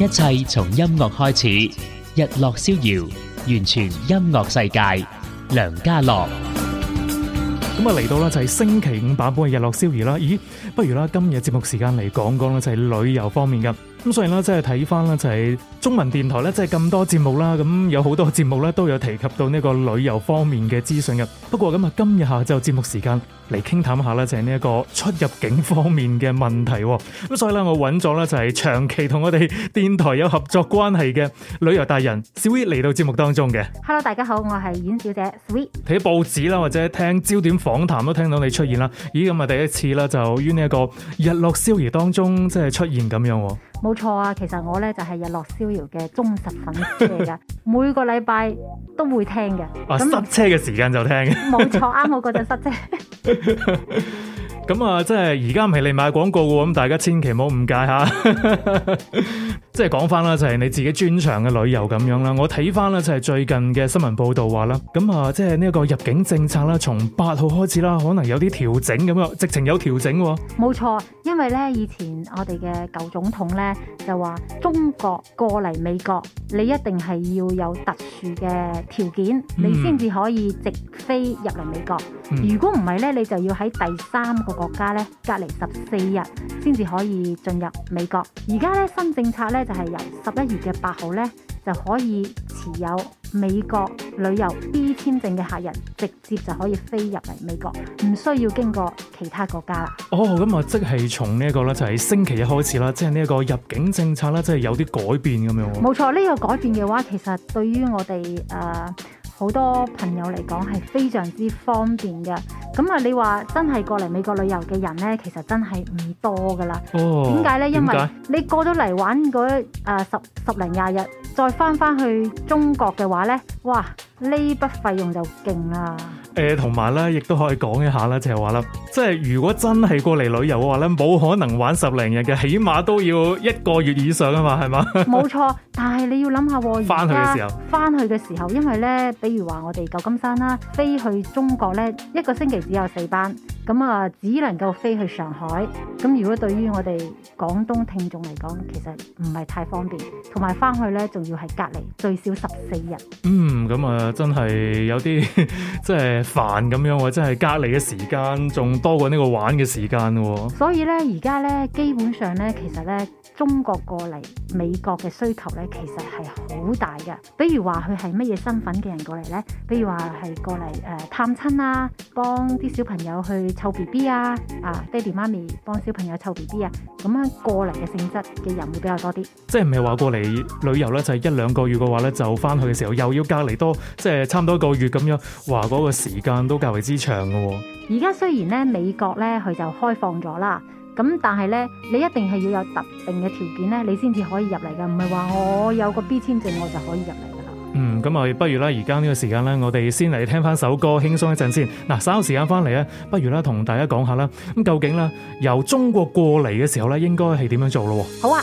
一切從音樂開始，日落逍遙，完全音樂世界，梁嘉樂。咁啊嚟到啦，就係星期五版本嘅日落逍遙啦。咦，不如啦，今日節目時間嚟講講啦，就係旅遊方面噶。咁所以咧，即係睇翻啦，就係中文電台咧，即係咁多節目啦。咁有好多節目咧都有提及到呢個旅遊方面嘅資訊嘅。不過咁啊，今日下晝節目時間嚟傾談下咧，就係呢一個出入境方面嘅問題。咁所以咧，我揾咗咧就係長期同我哋電台有合作關係嘅旅遊大人 Sweet 嚟到節目當中嘅。Hello，大家好，我係阮小姐 Sweet。睇報紙啦，或者聽焦點訪談都聽到你出現啦。咦，咁啊第一次啦，就於呢一個日落逍遙當中即係出現咁樣。冇錯啊，其實我咧就係、是、日落逍遙嘅忠實粉絲嚟噶， 每個禮拜都會聽嘅。咁、啊、塞車嘅時間就聽嘅。冇 錯，啱我嗰陣塞車 。咁 啊，即係而家唔係你買廣告嘅，咁大家千祈唔好誤解吓。 即係講翻啦，就係、是、你自己專長嘅旅遊咁樣啦。我睇翻啦，就係、是、最近嘅新聞報道話啦，咁啊，即係呢個入境政策啦，從八號開始啦，可能有啲調整咁啊，直情有調整。冇錯、哦，因為呢，以前我哋嘅舊總統呢，就話，中國過嚟美國，你一定係要有特殊嘅條件，嗯、你先至可以直飛入嚟美國。嗯、如果唔係呢，你就要喺第三個國家呢，隔離十四日，先至可以進入美國。而家呢，新政策呢。就係由十一月嘅八號咧，就可以持有美國旅遊 B 簽證嘅客人，直接就可以飛入嚟美國，唔需要經過其他國家啦。哦，咁啊，即係從呢一個咧，就係星期一開始啦，即係呢一個入境政策咧，即係有啲改變咁樣。冇錯，呢個改變嘅話，其實對於我哋誒。呃好多朋友嚟講係非常之方便嘅，咁啊你話真係過嚟美國旅遊嘅人呢，其實真係唔多噶啦。哦，點解呢？因為你過咗嚟玩嗰、呃、十十零廿日，再翻翻去中國嘅話呢，哇，呢筆費用就勁啦。誒、呃，同埋咧，亦都可以講一下啦，就係話啦，即係如果真係過嚟旅遊嘅話咧，冇可能玩十零日嘅，起碼都要一個月以上啊嘛，係嘛？冇錯。 但係你要諗下，翻去嘅時候，翻去嘅時候，因為咧，比如話我哋舊金山啦，飛去中國咧，一個星期只有四班。咁啊，只能夠飛去上海。咁如果對於我哋廣東聽眾嚟講，其實唔係太方便，同埋翻去咧，仲要係隔離最少十四日。嗯，咁啊、呃，真係有啲即係煩咁樣，真係隔離嘅時間仲多過呢個玩嘅時間喎。所以咧，而家咧基本上咧，其實咧中國過嚟美國嘅需求咧，其實係好大嘅。比如話佢係乜嘢身份嘅人過嚟咧？比如話係過嚟誒、呃、探親啊，幫啲小朋友去。湊 BB 啊，啊爹哋媽咪幫小朋友湊 BB 啊，咁樣過嚟嘅性質嘅人會比較多啲。即係唔係話過嚟旅遊咧，就係一兩個月嘅話咧，就翻去嘅時候又要隔離多，即係差唔多一個月咁樣，話嗰個時間都較為之長嘅、哦。而家雖然咧美國咧佢就開放咗啦，咁但係咧你一定係要有特定嘅條件咧，你先至可以入嚟嘅，唔係話我有個 B 簽證我就可以入嚟啦。嗯，咁啊，不如啦，而家呢個時間咧，我哋先嚟聽翻首歌，輕鬆一陣先。嗱，稍後時間翻嚟咧，不如咧同大家講下啦。咁究竟咧由中國過嚟嘅時候咧，應該係點樣做咯？好啊。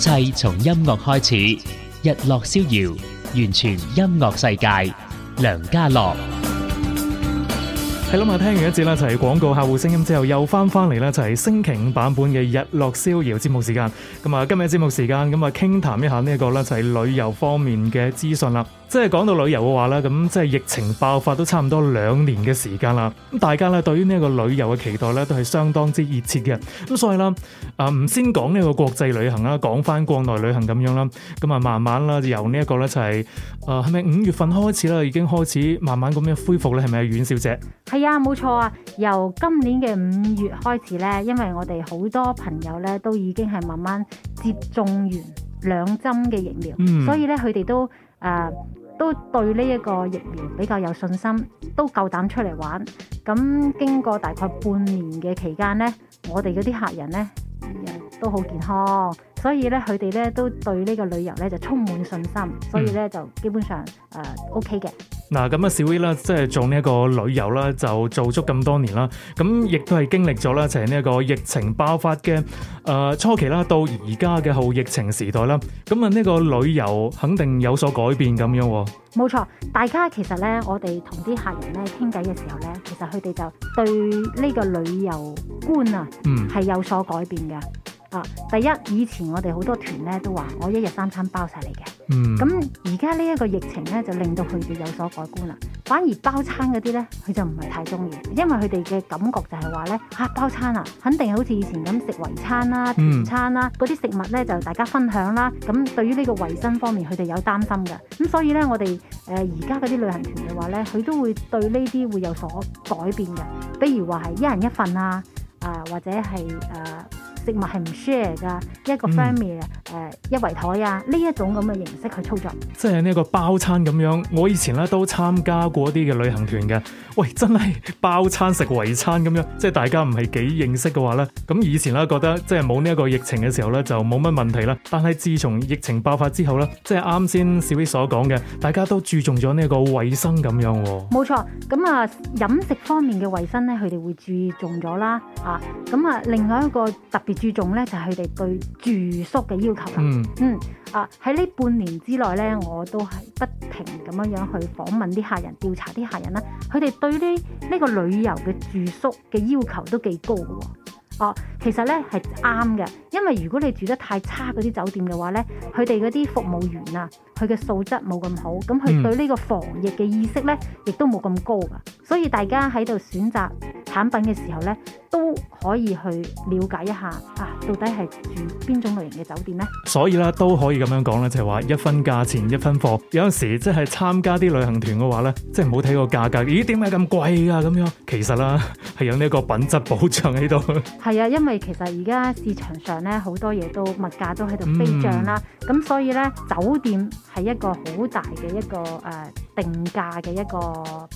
一切從音樂開始，日落逍遙，完全音樂世界，梁家樂。喺諗下聽完一節呢就係廣告客戶聲音之後，又翻翻嚟呢就係星期五版本嘅日落逍遙節目時間。咁啊，今日節目時間咁啊，傾談一下呢一個咧就係旅遊方面嘅資訊啦。即係講到旅遊嘅話呢，咁即係疫情爆發都差唔多兩年嘅時間啦。咁大家呢，對於呢一個旅遊嘅期待呢，都係相當之熱切嘅。咁所以啦，啊唔先講呢個國際旅行啦，講翻國內旅行咁樣啦。咁啊，慢慢啦，就是，由呢一個呢，就係誒係咪五月份開始啦，已經開始慢慢咁樣恢復呢？係咪啊，阮小姐？係啊，冇錯啊。由今年嘅五月開始呢，因為我哋好多朋友呢，都已經係慢慢接種完兩針嘅疫苗，嗯，所以呢，佢哋都誒。呃都對呢個疫苗比較有信心，都夠膽出嚟玩。咁經過大概半年嘅期間呢，我哋嗰啲客人呢，也都好健康。所以咧，佢哋咧都對呢個旅遊咧就充滿信心，所以咧就基本上誒、嗯呃、OK 嘅。嗱，咁啊，小薇啦，即係做呢一個旅遊啦，就做足咁多年啦，咁亦都係經歷咗啦，就係呢一個疫情爆發嘅誒、呃、初期啦，到而家嘅後疫情時代啦，咁啊呢個旅遊肯定有所改變咁樣喎。冇錯，大家其實咧，我哋同啲客人咧傾偈嘅時候咧，其實佢哋就對呢個旅遊觀啊，係有所改變嘅。嗯。啊！第一，以前我哋好多團咧都話我一日三餐包晒你嘅，咁而家呢一個疫情咧就令到佢哋有所改觀啦。反而包餐嗰啲咧，佢就唔係太中意，因為佢哋嘅感覺就係話咧嚇包餐啊，肯定好似以前咁食圍餐啦、啊、團餐啦、啊，嗰、嗯、啲食物咧就大家分享啦。咁對於呢個衞生方面，佢哋有擔心嘅。咁所以咧，我哋誒而家嗰啲旅行團嘅話咧，佢都會對呢啲會有所改變嘅。比如話係一人一份啊，啊、呃、或者係誒。呃食物係唔 share 噶，一個 family 誒、嗯呃、一圍枱啊，呢一種咁嘅形式去操作，即係呢一個包餐咁樣。我以前咧都參加過啲嘅旅行團嘅，喂，真係包餐食圍餐咁樣，即係大家唔係幾認識嘅話咧，咁以前咧覺得即係冇呢一個疫情嘅時候咧就冇乜問題啦。但係自從疫情爆發之後咧，即係啱先小 V 所講嘅，大家都注重咗呢一個衞生咁樣。冇錯，咁啊飲食方面嘅衞生咧，佢哋會注重咗啦，啊，咁啊另外一個特別。注重咧就係佢哋對住宿嘅要求啦、嗯。嗯，啊喺呢半年之內咧，我都係不停咁樣樣去訪問啲客人，調查啲客人啦。佢哋對呢呢、呢個旅遊嘅住宿嘅要求都幾高嘅喎。哦、啊，其實咧係啱嘅，因為如果你住得太差嗰啲酒店嘅話咧，佢哋嗰啲服務員啊～佢嘅素質冇咁好，咁佢對呢個防疫嘅意識呢亦、嗯、都冇咁高噶。所以大家喺度選擇產品嘅時候呢，都可以去了解一下啊，到底係住邊種類型嘅酒店呢？所以咧都可以咁樣講呢就係、是、話一分價錢一分貨。有陣時即係參加啲旅行團嘅話呢，即係唔好睇個價格，咦點解咁貴㗎咁樣？其實啦，係有呢個品質保障喺度。係啊，因為其實而家市場上呢，好多嘢都物價都喺度飛漲啦，咁、嗯、所以呢，酒店。係一個好大嘅一個誒、呃、定價嘅一個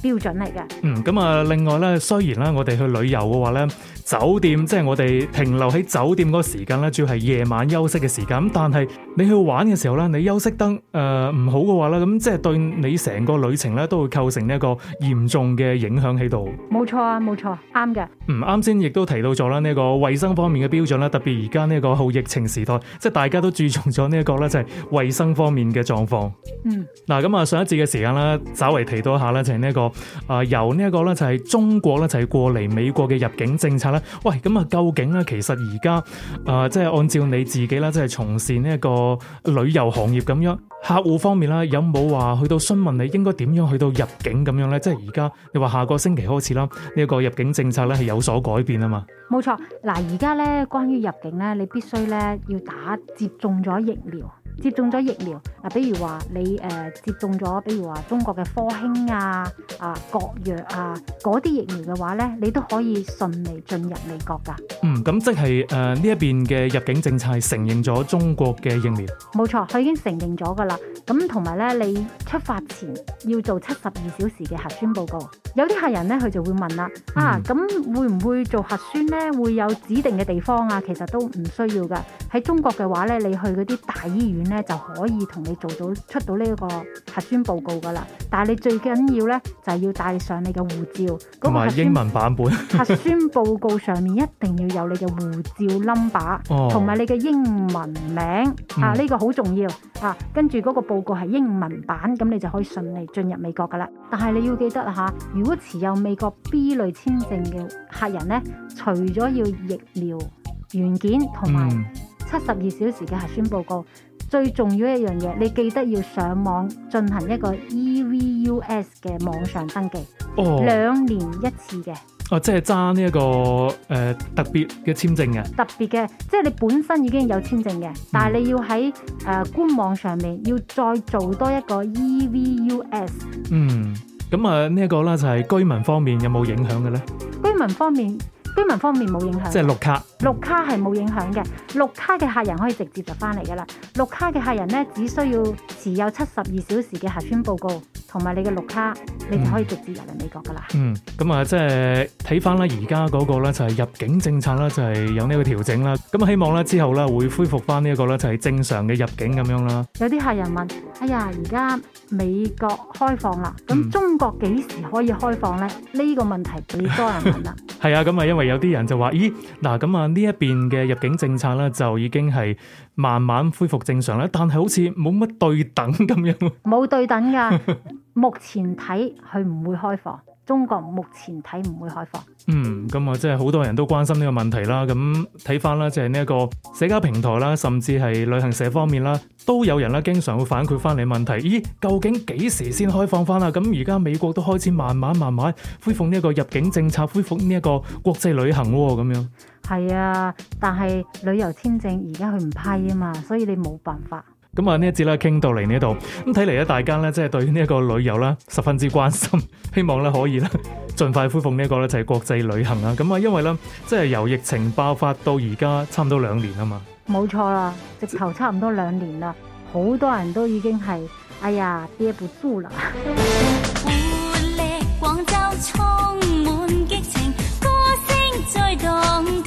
標準嚟嘅。嗯，咁啊，另外咧，雖然咧我哋去旅遊嘅話咧，酒店即係、就是、我哋停留喺酒店嗰個時間咧，主要係夜晚休息嘅時間。但係你去玩嘅時候咧，你休息燈誒唔、呃、好嘅話咧，咁即係對你成個旅程咧，都會構成呢一個嚴重嘅影響喺度。冇錯啊，冇錯，啱嘅。嗯，啱先亦都提到咗啦，呢、這個衛生方面嘅標準咧，特別而家呢個好疫情時代，即係大家都注重咗呢一個咧，就係、是、衛生方面嘅狀況，嗯，嗱，咁啊，上一節嘅時間啦，稍微提到一下啦、這個，就係呢一個啊，由呢一個咧就係中國咧就係過嚟美國嘅入境政策啦。喂，咁啊，究竟咧其實而家啊，即、呃、係、就是、按照你自己啦，即係從事呢一個旅遊行業咁樣，客戶方面啦，有冇話去到詢問你應該點樣去到入境咁樣咧？即係而家你話下個星期開始啦，呢、這、一個入境政策咧係有所改變啊嘛？冇錯，嗱，而家咧關於入境咧，你必須咧要打接種咗疫苗。接種咗疫苗啊，比如話你誒接種咗，比如話、呃、中國嘅科興啊、啊國藥啊嗰啲疫苗嘅話咧，你都可以順利進入美國噶。嗯，咁即係誒呢一邊嘅入境政策係承認咗中國嘅疫苗。冇錯，佢已經承認咗噶啦。咁同埋咧，你出發前要做七十二小時嘅核酸報告。有啲客人咧，佢就會問啦，啊嗯，啊咁會唔會做核酸呢？會有指定嘅地方啊？其實都唔需要噶。喺中國嘅話呢，你去嗰啲大醫院呢，就可以同你做到出到呢一個核酸報告噶啦。但係你最緊要呢，就係、是，要帶上你嘅護照。同、那、埋、個、英文版本 核酸報告上面一定要有你嘅護照 number，同埋你嘅英文名啊，呢、嗯這個好重要啊。跟住嗰個報告係英文版，咁你就可以順利進入美國噶啦。但係你要記得嚇、啊，如果持有美國 B 類簽證嘅客人呢，除咗要疫苗原件同埋七十二小時嘅核酸報告，嗯、最重要一樣嘢，你記得要上網進行一個 EVUS 嘅網上登記，哦、兩年一次嘅。哦，即係爭呢一個誒特別嘅簽證嘅。特別嘅，即係你本身已經有簽證嘅，但係你要喺誒、呃、官網上面要再做多一個 EVUS。嗯。嗯。咁啊，呢一個啦就係居民方面有冇影響嘅咧？居民方面，居民方面冇影響，即係綠卡，綠卡係冇影響嘅。綠卡嘅客人可以直接就翻嚟噶啦。綠卡嘅客人咧，只需要持有七十二小時嘅核酸報告。同埋你嘅綠卡，你就可以直接入嚟美國噶啦。嗯，咁啊、就是，即係睇翻咧，而家嗰個咧就係入境政策啦，就係有呢個調整啦。咁希望咧之後咧會恢復翻呢一個咧就係正常嘅入境咁樣啦。有啲客人問：哎呀，而家美國開放啦，咁中國幾時可以開放咧？呢、呢個問題幾多人問啊？係啊，咁啊，因為有啲人就話：，咦，嗱，咁啊，呢一邊嘅入境政策咧，就已經係。慢慢恢復正常咧，但係好似冇乜對等咁樣，冇對等㗎。 目前睇佢唔會開放。中國目前睇唔會開放。嗯，咁啊，即係好多人都關心呢個問題啦。咁睇翻啦，就係呢一個社交平台啦，甚至係旅行社方面啦，都有人啦，經常會反饋翻你問題。咦，究竟幾時先開放翻啊？咁而家美國都開始慢慢慢慢恢復呢一個入境政策，恢復呢一個國際旅行喎，咁樣。係啊，但係旅遊簽證而家佢唔批啊嘛，嗯，所以你冇辦法。咁啊呢一節咧，傾到嚟呢度，咁睇嚟咧大家咧即係對呢一個旅遊啦十分之關心，希望咧可以咧盡快恢復呢一個咧就係國際旅行啦。咁啊因為咧即係由疫情爆發到而家差唔多兩年啊嘛，冇錯啦，直頭差唔多兩年啦，好多人都已經係哎呀憋不住啦。廣州充滿激情，歌聲最動。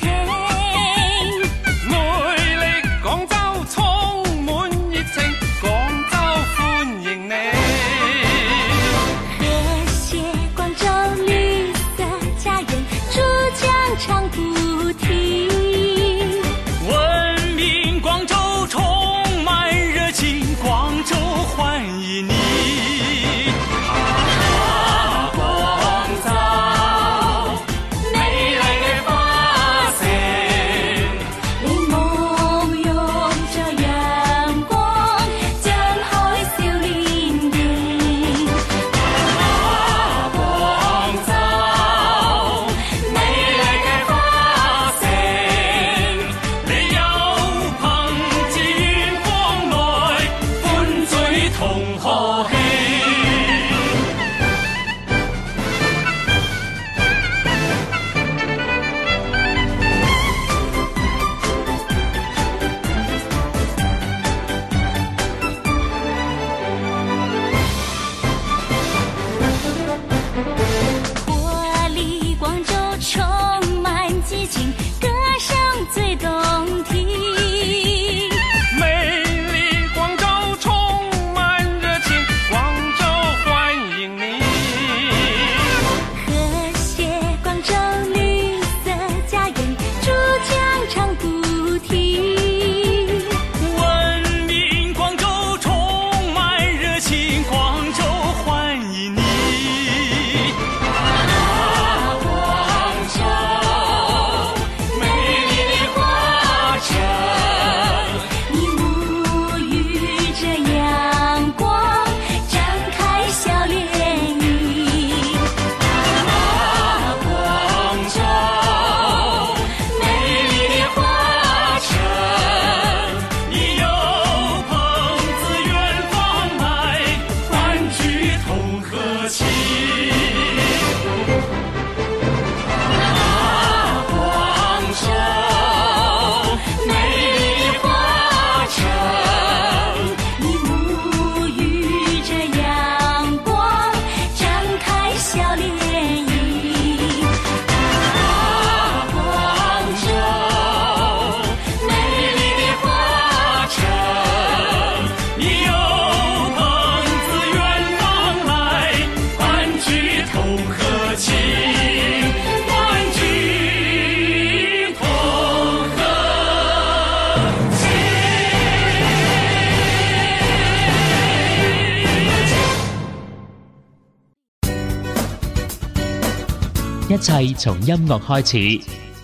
一切從音樂開始，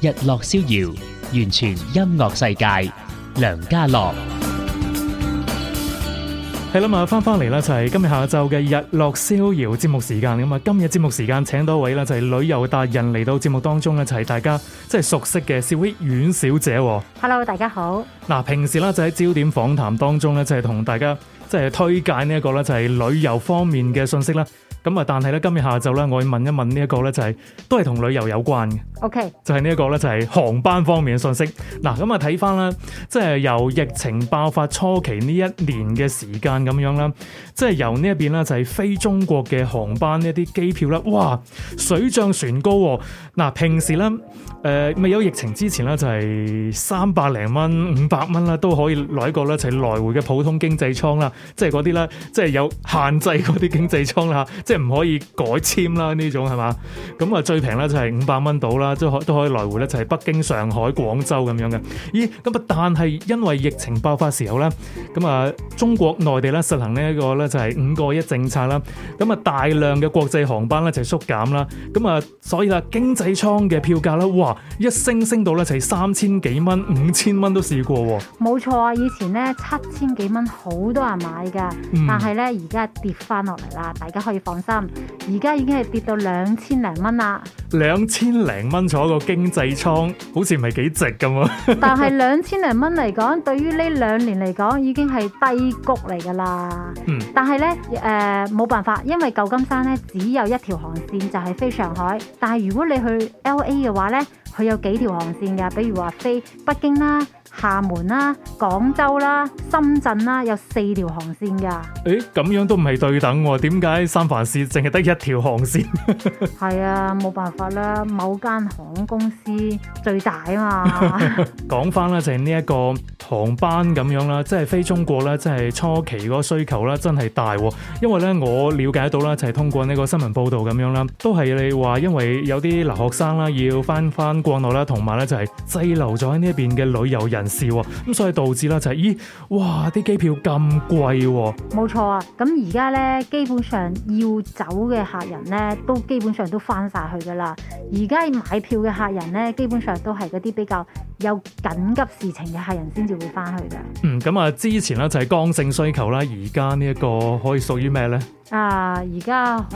日落逍遙，完全音樂世界。梁嘉樂，係啦，啊翻翻嚟就係今日下晝嘅日落逍遙節目時間。咁啊，今日節目時間請多位啦，就係旅遊達人嚟到節目當中一齊，大家即係熟悉嘅小憶苑小姐。Hello，大家好。嗱，平時啦就喺焦點訪談當中咧，就係同大家即係推介呢一個咧，就係旅遊方面嘅信息啦。咁啊，但係咧，今日下晝咧，我要問一問呢一個咧，就係、是、都係同旅遊有關嘅。O、okay. K，就係呢一個咧，就係、是、航班方面嘅信息。嗱，咁啊，睇翻啦，即係、就是、由疫情爆發初期呢一年嘅時間咁樣啦，即、就、係、是、由呢一邊呢就係、是、非中國嘅航班呢一啲機票啦，哇，水漲船高，哦。嗱，啊，平時咧，誒、呃、未有疫情之前咧，就係三百零蚊、五百蚊啦，都可以攞一個咧，就係、是、來回嘅普通經濟艙啦，即係嗰啲啦，即、就、係、是、有限制嗰啲經濟艙啦即係唔可以改簽啦，呢種係嘛？咁啊最平咧就係五百蚊到啦，都可都可以來回咧就係北京、上海、廣州咁樣嘅。咦？咁啊但係因為疫情爆發時候咧，咁啊中國內地咧實行呢一個咧就係五個一政策啦，咁啊大量嘅國際航班咧就係縮減啦，咁啊所以啦經濟艙嘅票價咧哇一升升到咧就係三千幾蚊、五千蚊都試過。冇錯啊，以前咧七千幾蚊好多人買噶、嗯，但係咧而家跌翻落嚟啦，大家可以放心。心而家已經係跌到兩千零蚊啦，兩千零蚊坐個經濟艙，好似唔係幾值咁啊！但係兩千零蚊嚟講，對於呢兩年嚟講，已經係低谷嚟噶啦。嗯，但係呢，誒、呃，冇辦法，因為舊金山呢，只有一條航綫就係、是、飛上海，但係如果你去 LA 嘅話呢，佢有幾條航線噶，比如話飛北京啦。廈門啦、啊、廣州啦、啊、深圳啦、啊，有四條航線㗎。誒、欸，咁樣都唔係對等喎，啊？點解三藩市淨係得一條航線？係 啊，冇辦法啦，某間航空公司最大啊嘛。講翻啦，就係呢一個航班咁樣啦，即係飛中國啦，即係初期個需求啦，真係大，啊。因為咧，我了解到啦，就係、是、通過呢個新聞報道咁樣啦，都係你話，因為有啲留學生啦，要翻翻國內啦，同埋咧就係滯留咗喺呢一邊嘅旅遊人。事喎，咁所以導致啦就係、是，咦，哇，啲機票咁貴喎，冇錯啊，咁而家咧基本上要走嘅客人咧，都基本上都翻晒去噶啦，而家買票嘅客人咧，基本上都係嗰啲比較有緊急事情嘅客人先至會翻去嘅。嗯，咁啊，之前咧就係剛性需求啦，而家呢一個可以屬於咩咧？啊！而家、啊、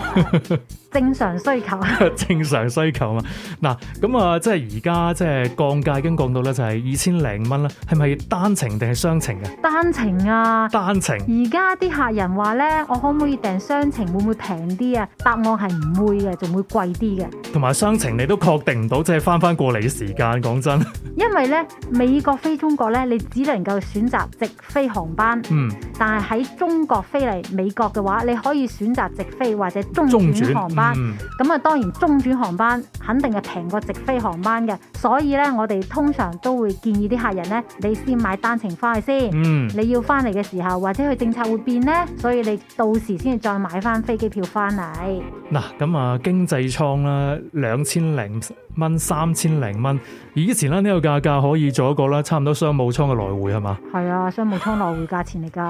正常需求， 正常需求啊。嗱，咁啊，即係而家即係降價已經降到咧就係二千零蚊啦。係咪單程定係雙程啊？單程啊，單程。而家啲客人話咧，我可唔可以訂雙程？會唔會平啲啊？答案係唔會嘅，仲會貴啲嘅。同埋雙程，你都確定唔到，即係翻翻過嚟嘅時間。講真，因為咧美國飛中國咧，你只能夠選擇直飛航班。嗯，但係喺中國飛嚟美國嘅話，你可以。可以選擇直飛或者中轉航班，咁啊、嗯，當然中轉航班肯定係平過直飛航班嘅，所以咧，我哋通常都會建議啲客人咧，你先買單程翻去先、嗯，你要翻嚟嘅時候，或者佢政策會變咧，所以你到時先至再買翻飛機票翻嚟。嗱，咁啊，經濟艙啦，兩千零。蚊三千零蚊，以前咧呢個價格可以做一個咧，差唔多商務艙嘅來回係嘛？係啊，商務艙來回價錢嚟㗎。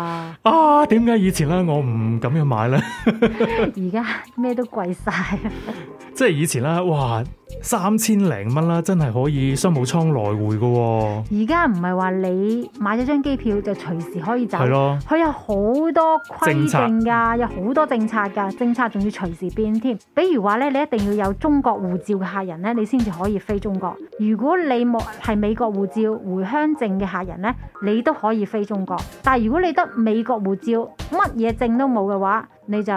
啊，點解以前咧我唔咁樣買咧？而家咩都貴晒。 即係以前咧，哇！三千零蚊啦，真係可以商務艙來回噶喎。而家唔係話你買咗張機票就隨時可以走，係咯？佢有好多規定噶，有好多政策噶，政策仲要隨時變添。比如話咧，你一定要有中國護照嘅客人咧，你先至可以飛中國。如果你冇係美國護照、回鄉證嘅客人咧，你都可以飛中國。但係如果你得美國護照，乜嘢證都冇嘅話，你就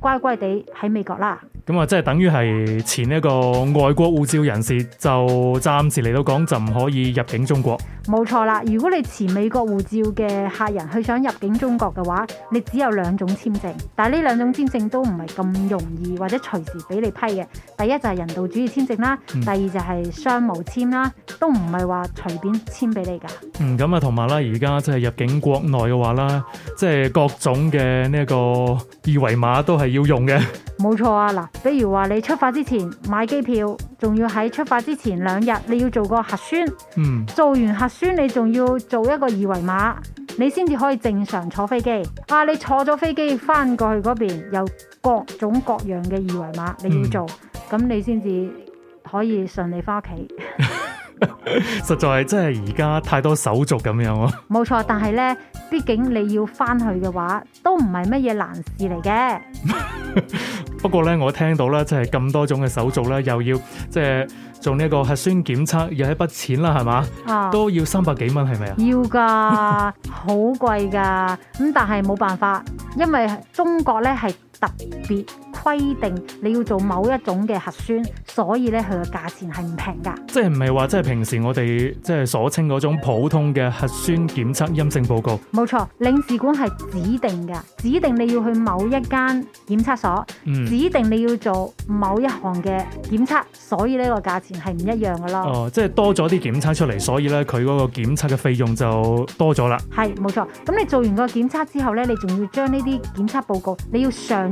乖乖地喺美國啦。咁啊，即係等於係前一個外國護照人士，就暫時嚟到港就唔可以入境中國。冇錯啦，如果你持美國護照嘅客人，去想入境中國嘅話，你只有兩種簽證，但係呢兩種簽證都唔係咁容易或者隨時俾你批嘅。第一就係人道主義簽證啦，第二就係商務簽啦，都唔係話隨便簽俾你㗎。嗯，咁啊，同埋啦，而家即係入境國內嘅話、就是、的的啦，即係各種嘅呢個二維碼都係要用嘅。冇錯啊，嗱。比如話你出發之前買機票，仲要喺出發之前兩日你要做個核酸，嗯、做完核酸你仲要做一個二維碼，你先至可以正常坐飛機。啊，你坐咗飛機翻過去嗰邊有各種各樣嘅二維碼你要做，咁、嗯、你先至可以順利翻屋企。 實在，即係真係而家太多手續咁樣咯。冇錯，但係呢畢竟你要翻去嘅話，都唔係乜嘢難事嚟嘅。 不過呢，我聽到呢，即係咁多種嘅手續呢，又要即係、即係、做呢個核酸檢測，又一筆錢啦，係嘛？啊，都要三百幾蚊，係咪啊？要噶，好 貴噶。咁但係冇辦法，因為中國呢係。是特別規定你要做某一種嘅核酸，所以咧佢嘅價錢係唔平噶。即係唔係話即係平時我哋即係所稱嗰種普通嘅核酸檢測陰性報告？冇錯，領事館係指定噶，指定你要去某一間檢測所，嗯，指定你要做某一項嘅檢測，所以呢個價錢係唔一樣噶咯。哦，即係多咗啲檢測出嚟，所以咧佢嗰個檢測嘅費用就多咗啦。係，冇錯。咁你做完個檢測之後咧，你仲要將呢啲檢測報告你要上。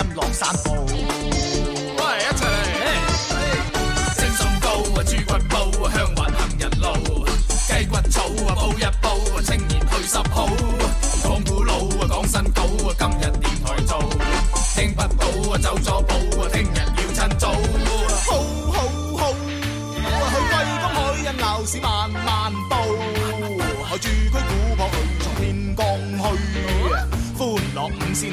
音樂散步。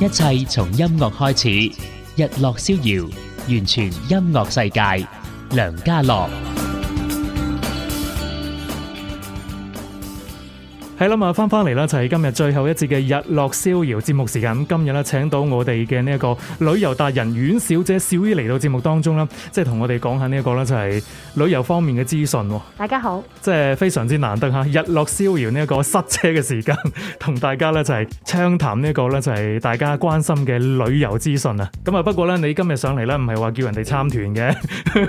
一切從音樂開始，日落逍遙，完全音樂世界，梁嘉樂。係啦，翻翻嚟就係今日最後一節嘅日落逍遙節目時間。今日咧，請到我哋嘅呢一個旅遊達人阮小姐，小姨嚟到節目當中啦，即係同我哋講下呢一個咧，就係旅遊方面嘅資訊。大家好，即係非常之難得哈！日落逍遙呢一個塞車嘅時間，同大家咧就係暢談呢一個咧，就係大家關心嘅旅遊資訊啊。咁啊，不過咧，你今日上嚟咧，唔係話叫人哋參團嘅、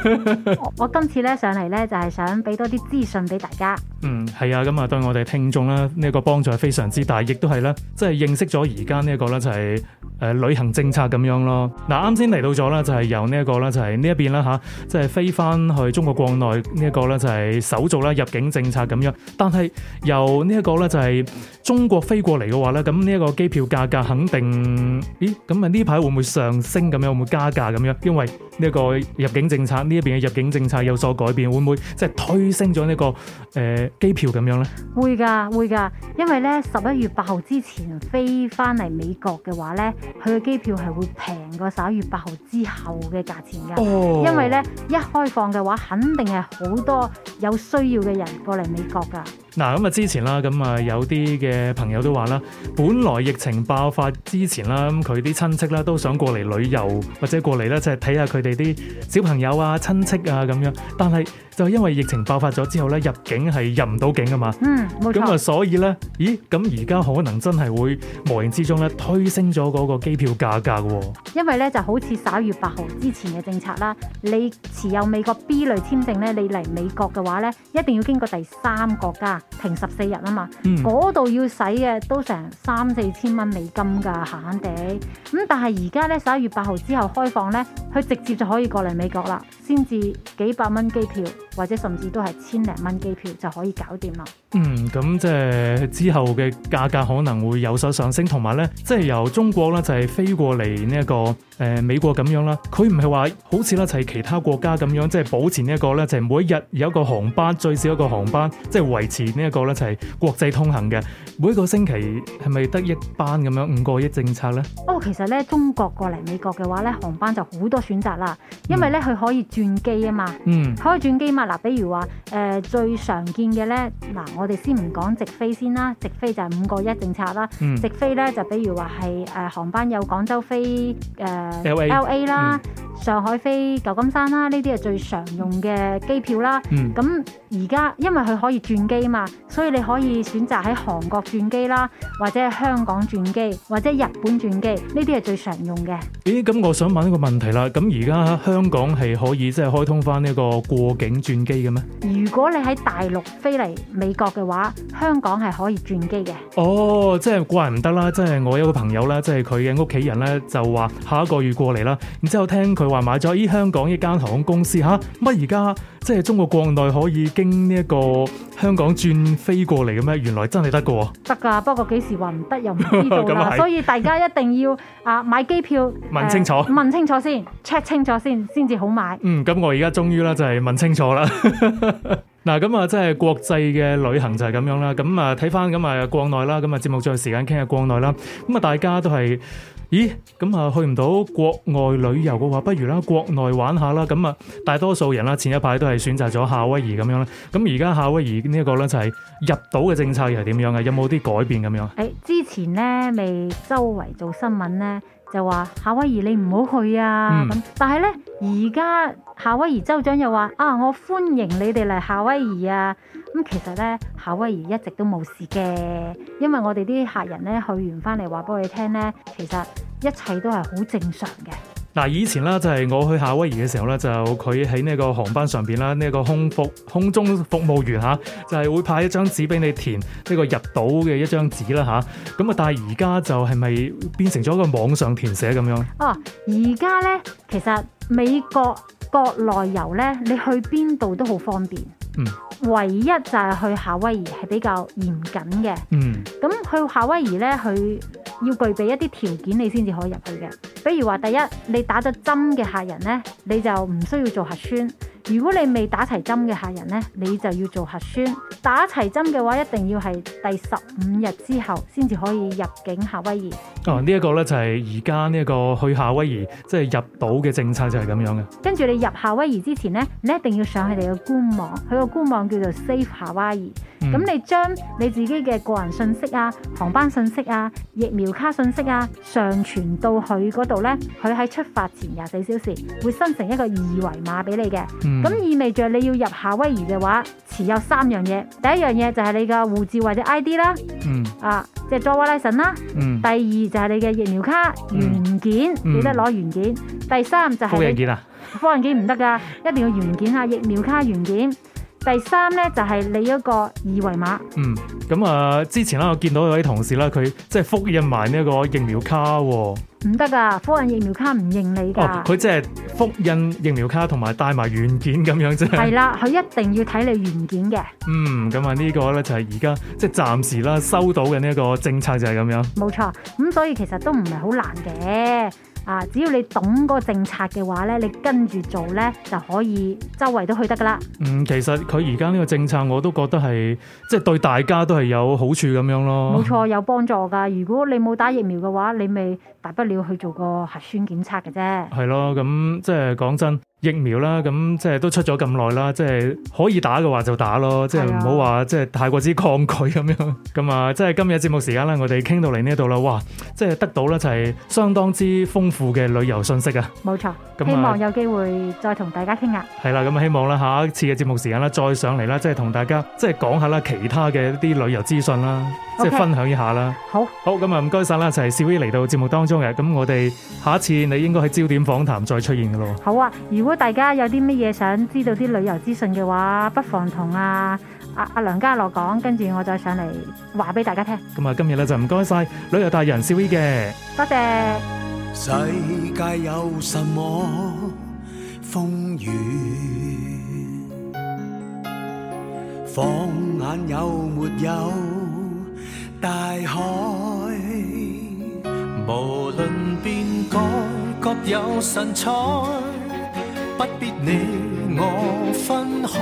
嗯。 我我今次上嚟咧，就係想俾多啲資訊俾大家。嗯，係啊，咁啊，對我哋聽眾啦。呢、這個幫助係非常之大，亦都係咧，即係認識咗而家呢一個咧就係、是、誒、呃、旅行政策咁樣咯。嗱，啱先嚟到咗就係、是、由呢、這、一個咧就係呢一邊啦吓，即、啊、係、就是、飛翻去中國國內呢一、這個咧就係、是、手續啦，入境政策咁樣。但係由呢、這、一個咧就係、是、中國飛過嚟嘅話咧，咁呢一個機票價格肯定咦，咁啊呢排會唔會上升咁樣，會唔會加價咁樣？因為呢一個入境政策，呢一邊嘅入境政策有所改變，會唔會即係推升咗呢個誒機票咁樣呢？會㗎會㗎，因為呢十一月八號之前飛翻嚟美國嘅話呢，佢嘅機票係會平過十一月八號之後嘅價錢㗎。Oh. 因為呢一開放嘅話，肯定係好多有需要嘅人過嚟美國㗎。嗱咁啊，之前啦，咁啊有啲嘅朋友都話啦，本來疫情爆發之前啦，咁佢啲親戚啦都想過嚟旅遊，或者過嚟咧即係睇下佢哋啲小朋友啊、親戚啊咁樣，但係就因為疫情爆發咗之後咧，入境係入唔到境啊嘛。嗯，冇錯。咁啊，所以咧，咦，咁而家可能真係會無形之中咧推升咗嗰個機票價格喎。因為咧就好似十一月八號之前嘅政策啦，你持有美國 B 類簽證咧，你嚟美國嘅話咧，一定要經過第三國家。停十四日啊嘛，嗰度，嗯，要使嘅都成三四千蚊美金噶，閒閒哋。咁但係而家呢十一月八號之後開放呢，佢直接就可以過嚟美國啦，先至幾百蚊機票，或者甚至都係千零蚊機票就可以搞掂啦。嗯，咁即係之後嘅價格可能會有所上升，同埋呢，即係由中國呢，就係飛過嚟呢一個。誒美國咁樣啦，佢唔係話好似啦，就係其他國家咁樣，即係保持呢一個咧，就係每一日有一個航班，最少一個航班，即係維持呢一個咧，就係國際通行嘅。每一個星期係咪得一班咁樣五個一政策咧？哦，其實咧，中國過嚟美國嘅話咧，航班就好多選擇啦，因為咧佢可以轉機啊嘛，嗯，可以轉機嘛。嗱，比如話誒最常見嘅咧，嗱我哋先唔講直飛先啦，直飛就係五個一政策啦，嗯，直飛咧就比如話係誒航班有廣州飛誒。呃誒 L A 啦、嗯，上海飛舊金山啦，呢啲係最常用嘅機票啦。咁而家因為佢可以轉機嘛，所以你可以選擇喺韓國轉機啦，或者係香港轉機，或者日本轉機，呢啲係最常用嘅。咦？咁我想問一個問題啦，咁而家香港係可以即係開通翻呢個過境轉機嘅咩？如果你喺大陸飛嚟美國嘅話，香港係可以轉機嘅。哦，即係怪唔得啦，即、就、係、是、我有個朋友咧，即係佢嘅屋企人呢，就話、是、下一個月過嚟啦，然之後聽佢話買咗依香港一間航空公司吓，乜而家即係中國國內可以經呢一個香港轉飛過嚟嘅咩？原來真係得嘅喎，得噶。不過幾時話唔得又唔知道。所以大家一定要啊買機票， 嗯嗯、問清楚，問清楚先 check 清楚先，先至好買。嗯，咁我而家終於啦，就係問清楚啦。嗱，咁啊，即係國際嘅旅行就係咁樣啦。咁啊，睇翻咁啊國內啦。咁啊節目最後時間傾下國內啦。咁啊，大家都係。咦，咁啊去唔到國外旅遊嘅話，不如啦國內玩下啦。咁啊大多數人啦，前一排都係選擇咗夏威夷咁樣啦。咁而家夏威夷呢一個咧就係入島嘅政策又係點樣嘅？有冇啲改變咁樣？誒，之前咧未周圍做新聞咧，就話夏威夷你唔好去啊。咁、嗯、但係咧而家。夏威夷州長又話：啊，我歡迎你哋嚟夏威夷啊！咁其實咧，夏威夷一直都冇事嘅，因為我哋啲客人咧去完翻嚟話，俾我哋聽咧，其實一切都係好正常嘅。嗱，以前啦，就係我去夏威夷嘅時候咧，就佢喺呢個航班上邊啦，呢個空服空中服務員吓，就係會派一張紙俾你填呢個入島嘅一張紙啦吓，咁啊，但係而家就係咪變成咗個網上填寫咁樣？哦，而家咧其實美國。國內遊呢，你去邊度都好方便，嗯。唯一就係去夏威夷係比較嚴謹嘅。咁、嗯、去夏威夷呢，佢要具備一啲條件，你先至可以入去嘅。比如話，第一你打咗針嘅客人呢，你就唔需要做核酸。如果你未打齊針嘅客人呢，你就要做核酸。打齊針嘅話，一定要係第十五日之後先至可以入境夏威夷。哦，呢個、呢一個呢就係而家呢個去夏威夷，即係入島嘅政策就係咁樣嘅。跟住你入夏威夷之前呢，你一定要上佢哋嘅官網，佢個官網叫做 Safe Hawaii。咁、嗯、你將你自己嘅個人信息啊、航班信息啊、疫苗卡信息啊上傳到佢嗰度呢，佢喺出發前廿四小時會生成一個二維碼俾你嘅。咁、嗯、意味着你要入夏威夷嘅話，持有三樣嘢，第一樣嘢就係你嘅護照或者 I D 啦、嗯，啊，即係 driver license 啦、嗯。第二就係你嘅疫苗卡原、嗯、件，記得攞原件、嗯。第三就係複印件啊，複印件唔得噶， 一定要原件啊，疫苗卡原件。第三咧就係、是、你一個二維碼。嗯，咁啊，之前啦，我見到有位同事啦，佢即係複印埋呢一個疫苗卡。唔得噶，複印疫苗卡唔認你噶。佢即係複印疫苗卡同埋帶埋原件咁樣啫。係啦，佢一定要睇你原件嘅。嗯，咁啊，呢個咧就係而家即係暫時啦，收到嘅呢一個政策就係咁樣。冇錯，咁所以其實都唔係好難嘅。啊！只要你懂個政策嘅話咧，你跟住做咧就可以周圍都去得噶啦。嗯，其實佢而家呢個政策我都覺得係即係對大家都係有好處咁樣咯。冇錯，有幫助噶。如果你冇打疫苗嘅話，你咪大不了去做個核酸檢測嘅啫。係咯，咁即係講真。疫苗啦，咁即係都出咗咁耐啦，即係可以打嘅話就打咯，即係唔好話即係太過之抗拒咁樣，咁啊，即係今日節目時間啦，我哋傾到嚟呢度啦，哇，即係得到咧就係相當之豐富嘅旅遊信息啊，冇錯，希望有機會再同大家傾下。係啦，咁啊希望啦，下一次嘅節目時間咧再上嚟啦，即係同大家即係講下啦其他，嘅一啲旅遊資訊啦，即係，okay，分享一下啦。好，好，咁啊唔該晒啦，就係小 V 嚟到節目當中嘅，咁我哋下一次你應該喺焦點訪談再出現噶咯。好啊，如果。如果大家有啲乜嘢想知道啲旅遊資訊嘅話，不妨同阿阿阿梁嘉樂講，跟住我再上嚟話俾大家聽。咁啊，今日呢就唔該晒旅遊大人 Sweet 嘅，多謝。世界有什麼風雨？放眼有沒有大海？無論邊個，各有神采。不必你我分開，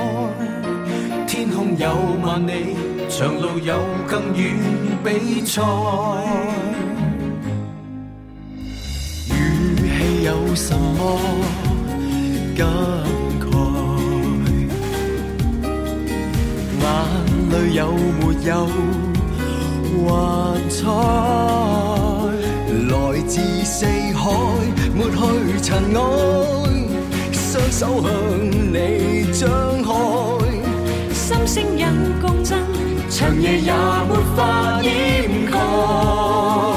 天空有萬里，長路有更遠比賽。 語氣有什麼感慨？眼裏有沒有幻彩？來自四海，抹去塵埃。雙手向你張開，心聲有共振，長夜也沒法掩蓋。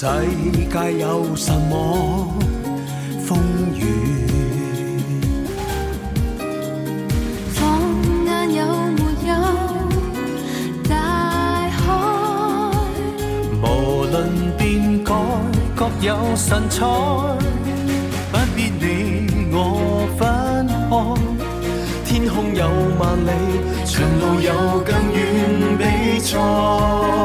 世界有什麼風雨？放眼有沒有大海？無論變改各有神采，不必你我分開。天空有萬里，長路有更遠比賽。